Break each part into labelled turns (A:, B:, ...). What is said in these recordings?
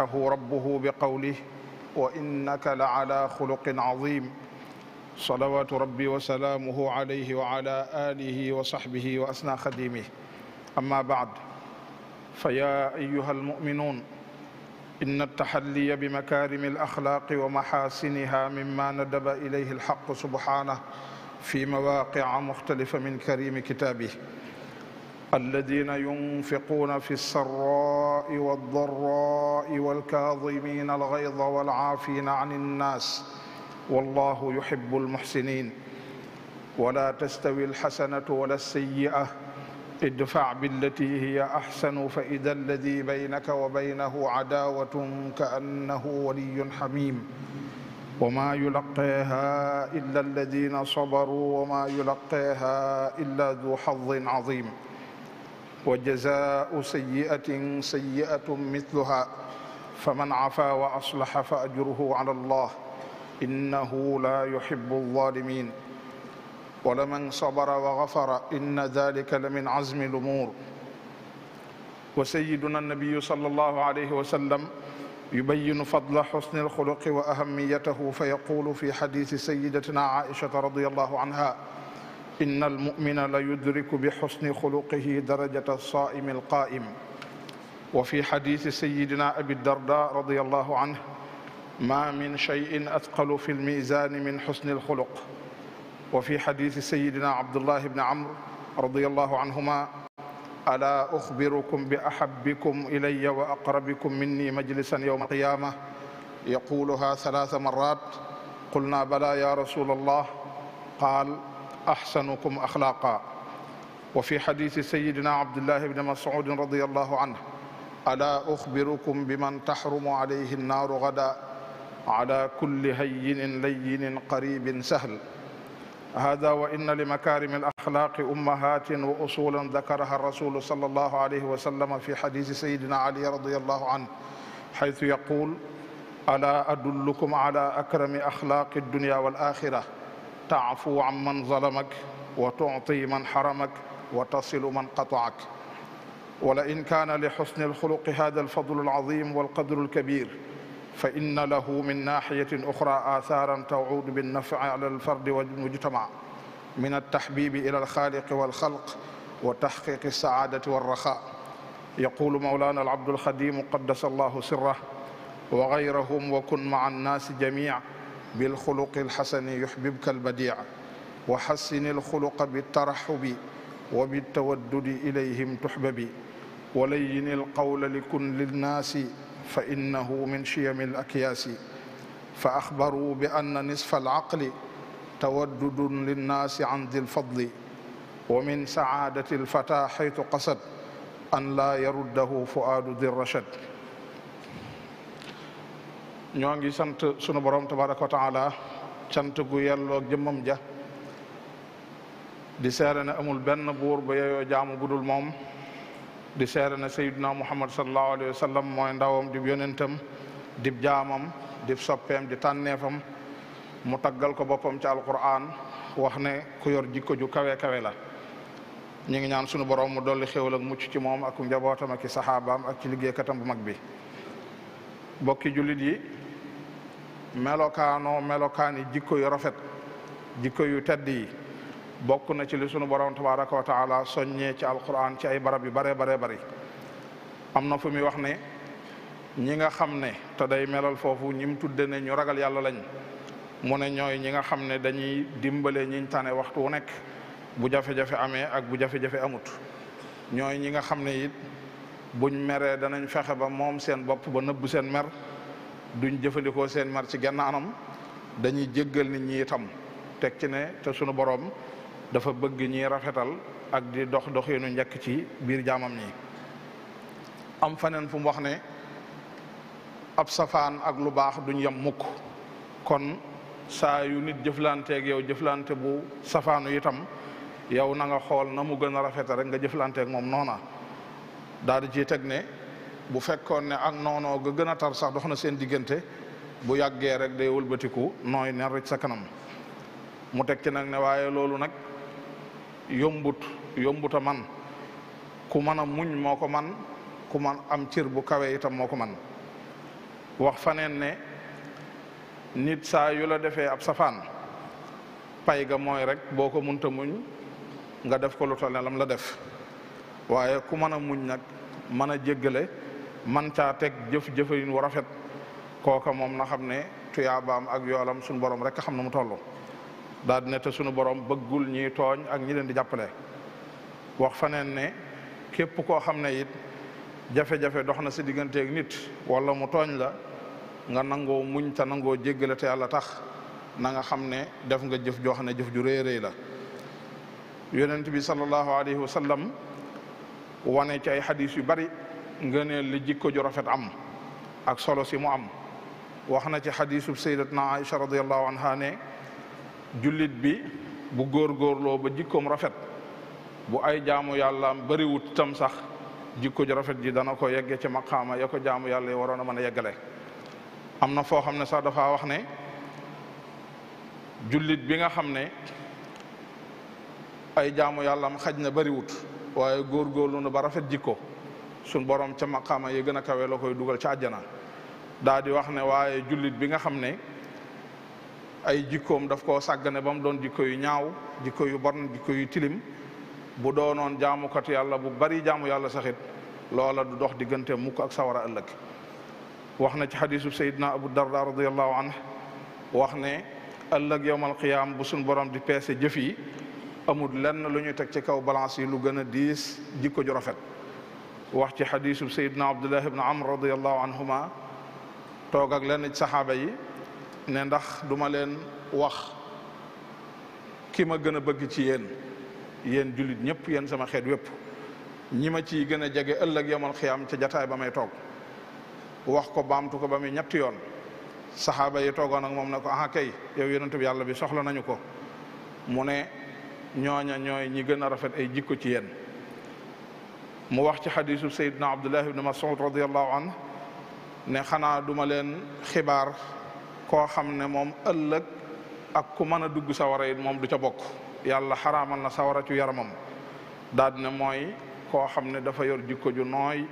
A: أه ربه بقوله وإنك لعلى خلق عظيم صلوات ربي وسلامه عليه وعلى آله وصحبه وأسنى خديمه أما بعد فيا أيها المؤمنون إن التحلي بمكارم الأخلاق ومحاسنها مما ندب إليه الحق سبحانه في مواقع مختلفة من كريم كتابه الذين ينفقون في السراء والضراء والكاظمين الغيظ والعافين عن الناس والله يحب المحسنين ولا تستوي الحسنه ولا السيئه ادفع بالتي هي احسن فاذا الذي بينك وبينه عداوه كانه ولي حميم وما يلقيها الا الذين صبروا وما يلقيها الا ذو حظ عظيم وجزاء سيئة سيئة مثلها فمن عفا وأصلح فأجره على الله إنه لا يحب الظالمين ولمن صبر وغفر إن ذلك لمن عزم الأمور وسيدنا النبي صلى الله عليه وسلم يبين فضل حسن الخلق وأهميته فيقول في حديث سيدتنا عائشة رضي الله عنها إن المؤمن ليدرك بحسن خلقه درجة الصائم القائم وفي حديث سيدنا أبي الدرداء رضي الله عنه ما من شيء أثقل في الميزان من حسن الخلق وفي حديث سيدنا عبد الله بن عمرو رضي الله عنهما ألا أخبركم بأحبكم إلي وأقربكم مني مجلسا يوم القيامة يقولها ثلاث مرات قلنا بلى يا رسول الله قال أحسنكم أخلاقا وفي حديث سيدنا عبد الله بن مسعود رضي الله عنه ألا أخبركم بمن تحرم عليه النار غدا على كل هين لين قريب سهل هذا وإن لمكارم الأخلاق أمهات وأصولا ذكرها الرسول صلى الله عليه وسلم في حديث سيدنا علي رضي الله عنه حيث يقول ألا أدلكم على أكرم أخلاق الدنيا والآخرة تعفو عمن ظلمك وتعطي من حرمك وتصل من قطعك ولئن كان لحسن الخلق هذا الفضل العظيم والقدر الكبير فإن له من ناحية أخرى آثارا تعود بالنفع على الفرد والمجتمع من التحبيب إلى الخالق والخلق وتحقيق السعادة والرخاء يقول مولانا العبد الخديم قدس الله سره وغيرهم وكن مع الناس جميعا بالخلق الحسن يحببك البديع وحسن الخلق بالترحب وبالتودد إليهم تحبب ولين القول لكل الناس فإنه من شيم الأكياس فأخبروا بأن نصف العقل تودد للناس عن ذي الفضل ومن سعادة الفتى حيث قصد أن لا يرده فؤاد ذي الرشد ñoo ngi sant sunu borom tabaraka wa taala cant gu yelloo jëmmam ja di seere na amul benn buur ba yeyoo jaamu budul moom di seere ne sayyidina muhammad sallallahu alayhi wa sallam mooy ndawom dib yonentam dib jaamam dib soppeem di tànneefam mu taggal ko boppam ci alquran wax ne ku yor jikko ju kawe kawe la ñu ngi ñaan sunu borom mu dolli xéwal ak mucc ci moom ak njabootam ak i saxaabaam ak ci liggéeykatam bu mag bi bokki jullit melokaanoo melokaani jikko yu rafet jikko yu tedd yi bokk na ci li sunu borom tabaraka wa taala soññee ci alquran ci ay barab yu bare bare bari am na fu muy wax ne ñi nga xam ne te day melal foofu ñi mu na ñu ragal yàlla lañ mu ne ñooy ñi nga xam ne dañuy dimbale ñiñ tane waxtu wu nekk bu jafe-jafe amee ak bu jafe-jafe amut ñooy ñi nga xam ne it buñ meree danañ fexe ba moom seen bopp ba nëbb seen mer duñ jëfandikoo seen mar ci genn anam dañuy jëggal ni ñi itam teg ci ne te sunu borom dafa bëgg ñiy rafetal ak di dox doxinu njëkk ci biir jaamam ñi am faneen fu mu wax ne ab safaan ak lu baax duñ yem mukk kon saayu yu nit jëflanteeg yow jëflante bu safaanu itam yow na nga xool na mu gën a rafet rek nga jëflanteeg moom noona daal di teg ne bu fekkoon ne ak noono ga gën a tar sax dox na seen diggante bu yàggee rek day wëlbatiku nooy ne rëj sa kanam mu teg ci nag ne waaye loolu nag yombut yombut a man ku mën a muñ moo ko man ku man am cir bu kawee itam moo ko man wax faneen ne nit saa yu la defee ab safaan pay ga mooy rek boo ko munta muñ nga def ko lu tol ne lam la def waaye ku mën a muñ nag mën a jéggale man caa teg jëf jëfayin wu rafet kooka moom na xam ne tuyaabaam ak yoolam suñu borom rek xam na mu toll daa dina te suñu borom bëggul ñiy tooñ ak ñi leen di jàppale wax faneen ne képp koo xam ne it jafe-jafe dox na si digganteeg nit wala mu tooñ la nga nangoo muñ te nangoo jéggale te tax na nga xam ne def nga jëf joo xam ne jëf ju rëy rëy la yonent bi sallallahu alayhi wa sallam wane ci ay xadis yu bari ngëneel li jikko ju rafet am ak solo si mu am wax na ci xadisu sayyidatna Aïcha radiyallahu anha ne jullit bi bu góorgóorloo ba jikkoom rafet bu ay jaamu yàllaam bariwut itam sax jikko ju rafet ji dana ko yegge ci maqaama ya ko jaamu yàlla yi waroon a mën a yeggale am na foo xam ne sax dafa wax ne jullit bi nga xam ne ay jaamu yàllaam xaj na bariwut waaye góorgóorlu na ba rafet jikko suñ borom ca maqaama yi gën a kawe la koy dugal ca àjjana daa di wax ne waaye jullit bi nga xam ne ay jikkoom daf ko sàggane ba mu doon jikko yu ñaaw jikko yu bon jikko yu tilim bu doonoon jaamukat yàlla bu bari jaamu yàlla saxit loola du dox diggante mukk ak sawara ëllëg wax na ci xadisu sayidna abu darda radiallahu wax ne ëllëg yowmal qiyaam bu suñ borom di peese jëf yi amul lenn lu ñu teg ci kaw balance yi lu gën a diis jikko ju rafet واحتي حديث سيدنا عبد الله بن عمرو رضي الله عنهما توك اك لن صحابه يي ني ندخ دوما لن واخ كيما غنا بغ ين يين يين جوليت نيب ين سما خيت ويب نيما تي غنا جاغي الله يوم القيامة تي جتاي بامي توك واخ كو بامتو كو بامي نيات يون صحابه يي توغون اك موم نكو اها كاي يو يونتو يالله بي سخلو نانيو كو موني ñoña ñoy ñi gëna rafet ay jikko ci yenn mu wax ci xadisu saydna abdullah ibne masud radiallahu an ne xanaa duma leen xibaar koo xam ne moom ëllëg ak ku mën a dugg sawara it moom du ca bokk yàlla xaraamal na sawara ci yaramam daal ne mooy koo xam ne dafa yor jikko ju nooy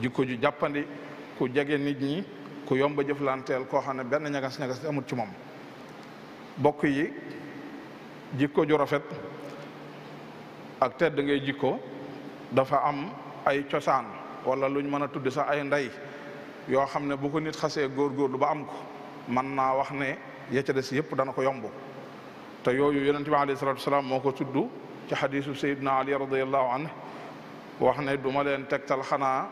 A: jikko ju jàppandi ku jege nit ñi ku yomba jëflanteel koo xam ne benn ñagas-ñagas amut ci moom bokk yi jikko ju rafet ak tedd ngay jikko dafa am ay cosaan wala luñ mën a tudd sax ay ndey yoo xam ne bu ko nit xasee góorgóorlu ba am ko man naa wax ne ya ca des yëpp dana ko yomb te yooyu yonent bi alayhi salatu moo ko tudd ci xadisu sayidna ali radiallahu anhu wax ne duma ma leen tegtal xanaa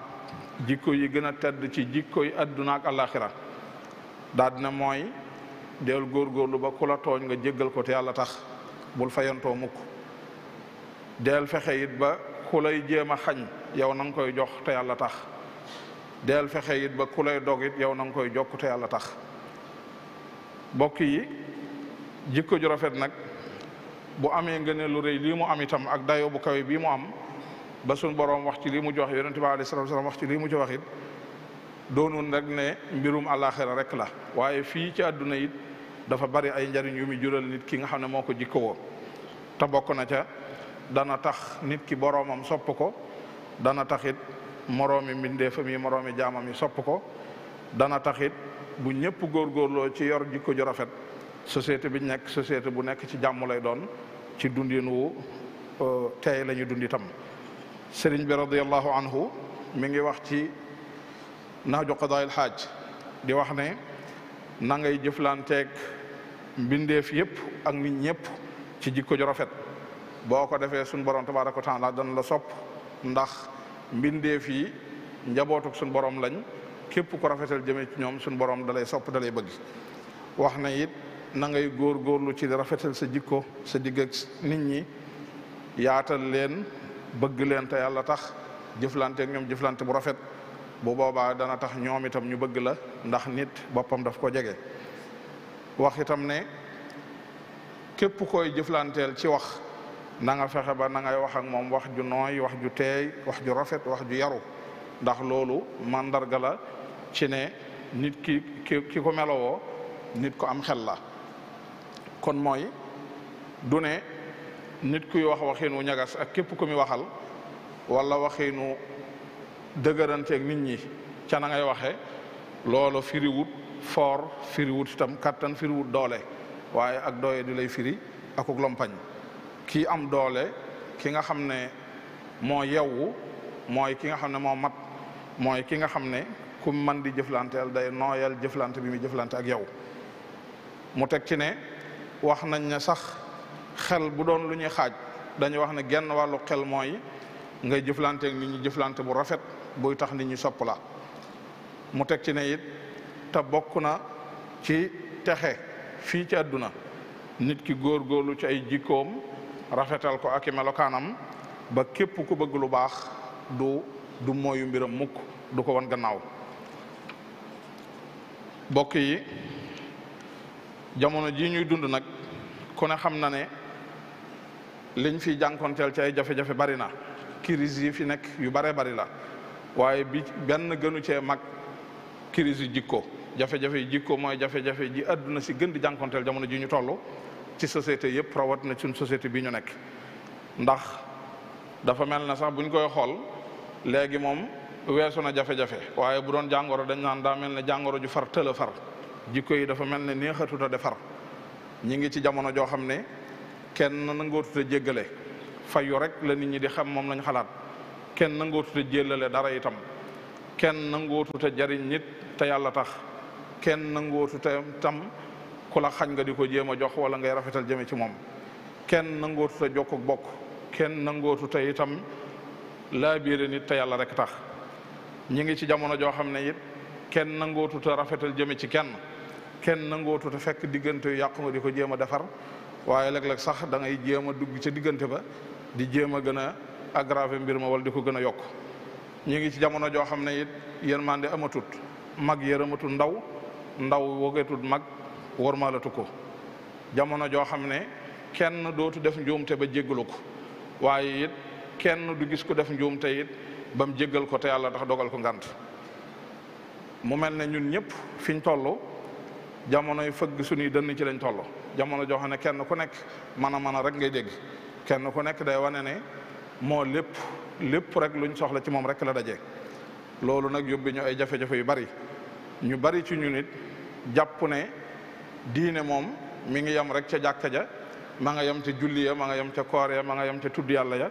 A: jikko yi gën a tedd ci jikko yi adduna ak alaxira daal dina mooy del góorgóorlu ba ku la tooñ nga jéggal ko te yàlla tax bul fayantoo mukk del fexe ba ku lay jéem a xañ yow na koy jox te yàlla tax del fexe it ba ku lay dog it yow na nga koy jokk te yàlla tax bokk yi jikko ju rafet nag bu amee nga ne lu rëy lii mu am itam ak dayo bu kawe bii mu am ba suñ boroom wax ci li mu jox yonente bi wax ci lii mu ci wax it doonul rek ne mbirum àllaaxira rek la waaye fii ci àdduna it dafa bari ay njariñ yu mu jural nit ki nga xam ne moo ko jikkowoo te bokk na ca dana tax nit ki boromam sopp ko dana taxit moroomi mbindeefam yi moroomi jaamam yi sopp ko dana taxit bu ñëpp góorloo ci yor jikko ju rafet société bi nekk société bu nekk ci jàmm lay doon ci dundin wu euh, tey la ñu dund itam sëriñ bi radiallahu anhu mi ngi wax ci naaju qadaayil xaaj di wax ne na ngay jëflanteeg mbindeef yëpp ak nit ñëpp ci jikko ju rafet boo ko defee suñu borom tabaaraka wa taala dana la sopp ndax mbindeef yi njabootuk suñu borom lañ képp ku rafetal jëmee ci ñoom suñu borom dalay sopp dalay bëgg wax na it na ngay góor góorlu ci rafetal sa jikko sa digg nit ñi yaatal leen bëgg leen te yàlla tax jëflante ak ñoom jëflante bu rafet bu boobaa dana tax ñoom itam ñu bëgg la ndax nit boppam daf ko jege waxitam ne képp koy jëflanteel ci wax Nang nga fexe ba nanga ngay wax ak moom wax ju nooy wax ju teey wax ju rafet wax ju yaru ndax loolu mandar la ci ne nit ki ki ki nit ko am xel la kon mooy du nit kuy wax waxinu ñagas ak képp ku mi waxal wala waxinu dëgëranteeg nit ñi ca na ngay waxe loolu firiwut foor firiwut itam kattan firiwut dole waaye ak doye di firi akuk lompañ kii am doole ki nga xam ne moo yewwu mooy ki nga xam ne moo mat mooy ki nga xam ne ku man di jëflanteel day nooyal jëflante bi muy jëflante ak yow mu teg ci ne wax nañ ne sax xel bu doon lu ñuy xaaj dañuy wax ne genn wàllu xel mooy nga jëflante nit ñi jëflante bu rafet buy tax nit ñuy sopp la mu teg ci ne it te bokk na ci texe fii ci àdduna nit ki góor góorlu ci ay jikkoom rafetal ko ak i melokaanam ba képp ku bëgg lu baax du du mooyu mbiram mukk du ko wan gannaaw bokk yi jamono ji ñuy dund nag ku ne xam na ne liñ fi jànkonteel ci ay jafe-jafe bari na crise yi fi nekk yu bare bari la waaye bi benn gënu cee mag crise yu jikko jafe-jafe yi jikko mooy jafe-jafe ji àdduna si gën di jànkonteel jamono ji ñu toll ci société yëpp rawat na suñ société bi ñu nekk ndax dafa mel na sax buñ koy xool léegi moom weesu na jafe-jafe waaye bu doon jàngoro dañ naan daa mel ne jàngoro ju far tëla far jikko yi dafa mel ne neexatut a defar ñi ngi ci jamono joo xam ne kenn nangootut a jéggale fayu rek la nit ñi di xam moom lañ xalaat kenn nangootut a jéllale dara itam kenn nangootut a jariñ ñit te yàlla tax kenn nangootut a tam ku la xañ nga di ko jéem a jox wala ngay rafetal jëme ci moom kenn nangootu te jokk bokk kenn nangootu te itam laa biire nit te yàlla rek tax ñi ngi ci jamono joo xam ne it kenn nangootu te rafetal jëme ci kenn kenn nangootu te fekk diggante yu nga di ko jéem a defar waaye léeg-léeg sax dangay jéem a dugg ca diggante ba di jéem a gën a aggraver mbir ma wala di ko gën a yokk ñu ngi ci jamono joo xam ne it yërmande amatut mag yërëmatut ndaw ndaw wogeetut mag wormaalatu ko jamono joo xam ne kenn dootu def njuumte ba jéggalu ko waaye it kenn du gis ku def njuumte it ba mu jéggal ko te yàlla tax dogal ko ngant mu mel ne ñun ñëpp fiñ toll jamonoy fëgg suñuy dënn ci lañ toll jamono joo xam ne kenn ku nekk mën a mën a rek ngay dégg kenn ku nekk day wane ne moo lépp lépp rek luñ soxla ci moom rek la daje loolu nag yóbbi ñu ay jafe-jafe yu bari ñu bari ci ñun it jàpp ne diine moom mi ngi yem rek ca jàkka ja ma nga yem ca julli ya ma nga yem ca koor ya ma nga yem ca tudd yàlla ya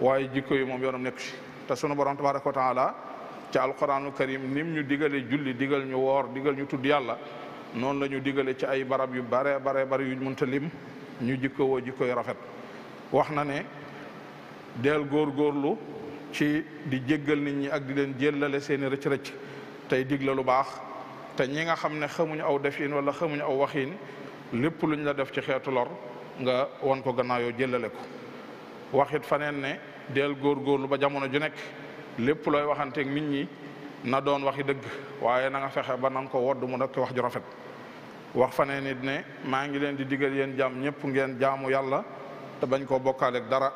A: waaye jikko yi moom yoonam nekku ci te sunu borom tabaraka taala ca alquranu karim nim ñu digale julli digal ñu woor digal ñu tudd yàlla noonu la ñu digale ci ay barab yu bare bare bare yu munta lim ñu jikko jikko yu rafet wax na ne del góor góorlu ci di jéggal nit ñi ak di leen jéllale rëcc rëcc tey lu baax te ñi nga xam ne xamuñu aw defin wala xamuñu aw waxin lépp luñ la def ci xeetu lor nga won ko gannaaw yow jëlale ko waxit faneen ne del góorgóorlu ba jamono ju nekk lépp looy waxanteeg nit ñi na doon waxi dëgg waaye na nga fexe ba na ko wodd mu nekk wax ju rafet wax faneen it ne maa ngi leen di digal yéen jaam ñëpp ngeen jaamu te bañ dara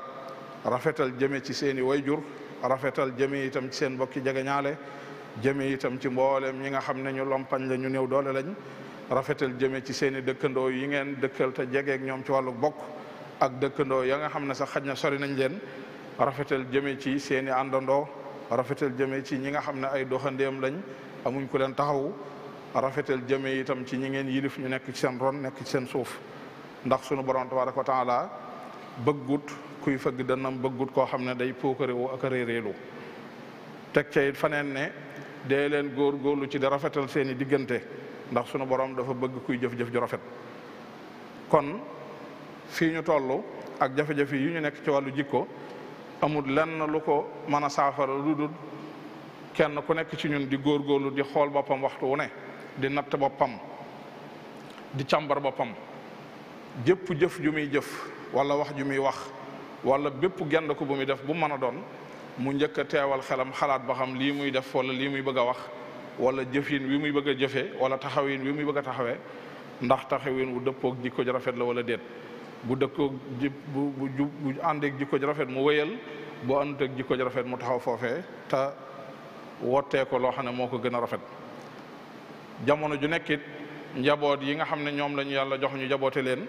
A: rafetal jëme ci seeni wayjur rafetal jëme itam ci seen mbokki jëme itam ci mboolem ñi nga xam ne ñu lompañ la ñu néew doole lañ rafetal jëme ci seen i dëkkandoo yi ngeen dëkkal te jegeeg ñoom ci wàllu bokk ak dëkkandoo ya nga xam ne sax xaj na sori nañ leen rafetal jëme ci seen i àndandoo rafetal jëme ci ñi nga xam ne ay doxandéem lañ amuñ ku leen taxawu rafetal jëme yitam ci ñi ngeen yilif ñu nekk ci seen ron nekk ci seen suuf ndax sunu borom tabaraka wa taala bëggut kuy fëgg dënnam bëggut koo xam ne day puukarewu ak a réeréelu teg dee leen góorgóorlu ci di rafetal seeni diggante ndax sunu borom dafa bëgg kuy jëf-jëf ju rafet kon fii ñu toll ak jafe-jafe yi ñu nekk ci wàllu jikko amul lenn lu ko mën a saafara lu dul kenn ku nekk ci ñun di góor góorlu di xool boppam waxtu wu ne di natt boppam di càmbar boppam jëpp jëf ju muy jëf wala wax ju muy wax walla bépp gend ko bu muy def bu mën a doon mu njëkk a teewal xelam xalaat ba xam lii muy def wala lii muy bëgg wax wala jëfin wi muy bëgg a jëfee wala taxawin wi muy bëgg a taxawee ndax taxawin wu dëppoog jikko ji rafet la wala déet bu dëppoog ji bu bu jikko ji rafet mu wéyal bu àndut ak jikko ji rafet mu taxaw foofee te wottee ko loo xam ne moo ko gën a rafet jamono ju nekkit njaboot yi nga xam ne ñoom lañu ñu yàlla jox ñu jaboote leen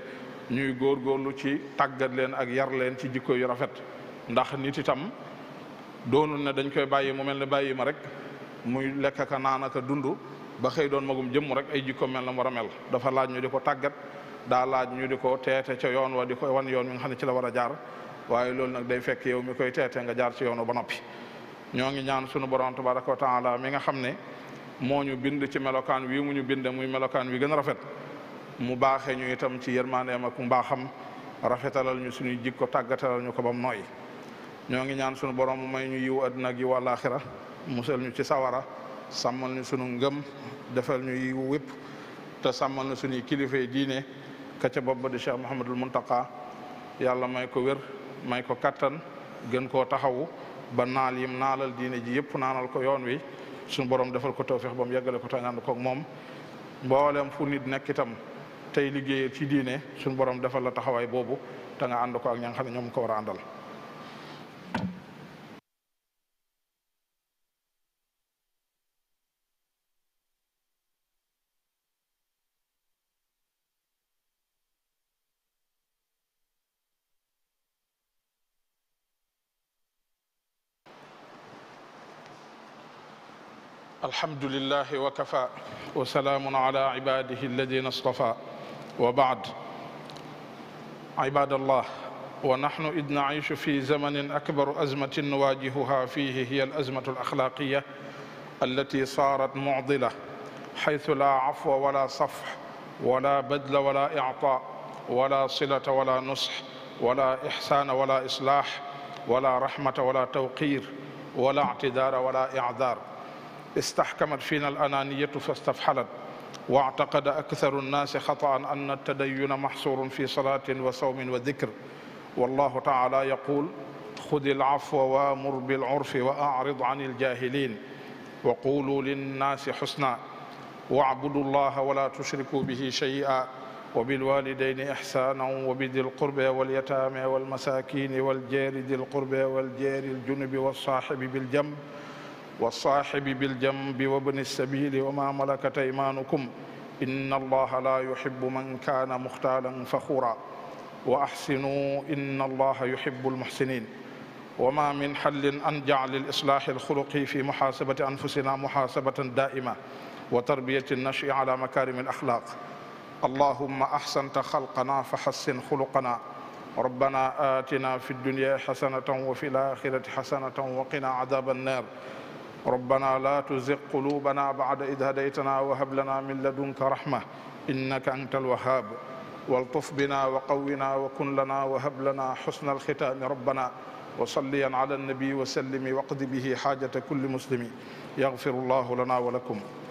A: ñuy góorgóorlu ci tàggat leen ak yar leen ci jikko yu rafet ndax nit itam doonul ne dañ koy bàyyi mu mel ne bàyyi ma rek muy lekk ak naan ak dund ba xëy doon magum jëmm rek ay jikko mel na mu war a mel dafa laaj ñu di ko tàggat daa laaj ñu di ko teete ca yoon wa di ko wan yoon mi nga xam ne ci la war a jaar waaye loolu nag day fekk yow mi koy nga jaar ci yoonu ba noppi ñoo ngi ñaan sunu borom tabaraka wa taala mi nga xam ne moo ñu bind ci melokaan wi mu ñu binde muy melokaan wi gën a rafet mu baaxee ñu itam ci yërmandeem ak mbaaxam rafetalal ñu suñuy jikko tàggatalal ñu ko bam nooy ñoo ngi ñaan sunu borom mu may ñu yiw àdduna ak yiw àllaaxira musal ñu ci sawara sàmmal ñu sunu ngëm defal ñu yiw wépp te sàmmal ñu suñuy kilifa yi diine ka ca bopp ba di Cheikh Mouhamadul Muntaqa yàlla may ko wér may ko kattan gën koo taxawu ba naal yim naalal diine ji yëpp naanal ko yoon wi sunu borom defal ko tawféex ba mu yeggale ko tañaan koog moom mboolem fu nit nekk itam tey liggéey ci diine sunu borom defal la taxawaay boobu te nga ànd ko ak ña nga xam ne ñoom ko war الحمد لله وكفى وسلام على عباده الذين اصطفى وبعد عباد الله ونحن إذ نعيش في زمن أكبر أزمة نواجهها فيه هي الأزمة الأخلاقية التي صارت معضلة حيث لا عفو ولا صفح ولا بدل ولا إعطاء ولا صلة ولا نصح ولا إحسان ولا إصلاح ولا رحمة ولا توقير ولا اعتذار ولا إعذار استحكمت فينا الأنانية فاستفحلت واعتقد أكثر الناس خطأ أن التدين محصور في صلاة وصوم وذكر والله تعالى يقول خذ العفو وامر بالعرف وأعرض عن الجاهلين وقولوا للناس حسنا واعبدوا الله ولا تشركوا به شيئا وبالوالدين إحسانا وبذي القربى واليتامى والمساكين والجار ذي القربى والجار الجنب والصاحب بالجنب والصاحب بالجنب وابن السبيل وما ملكت ايمانكم ان الله لا يحب من كان مختالا فخورا واحسنوا ان الله يحب المحسنين وما من حل انجع للاصلاح الخلقي في محاسبه انفسنا محاسبه دائمه وتربيه النشء على مكارم الاخلاق اللهم احسنت خلقنا فحسن خلقنا ربنا اتنا في الدنيا حسنه وفي الاخره حسنه وقنا عذاب النار ربنا لا تزغ قلوبنا بعد إذ هديتنا وهب لنا من لدنك رحمة إنك أنت الوهاب والطف بنا وقونا وكن لنا وهب لنا حسن الختام ربنا وصليا على النبي وسلم واقض به حاجة كل مسلم يغفر الله لنا ولكم